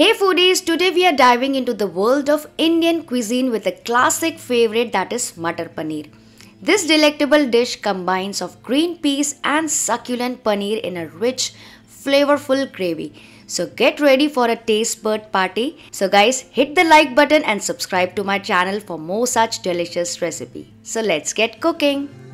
Hey foodies, today we are diving into the world of Indian cuisine with a classic favorite that is Matar Paneer. This delectable dish combines of green peas and succulent paneer in a rich, flavorful gravy. So get ready for a taste bud party. So guys, hit the like button and subscribe to my channel for more such delicious recipe. So let's get cooking.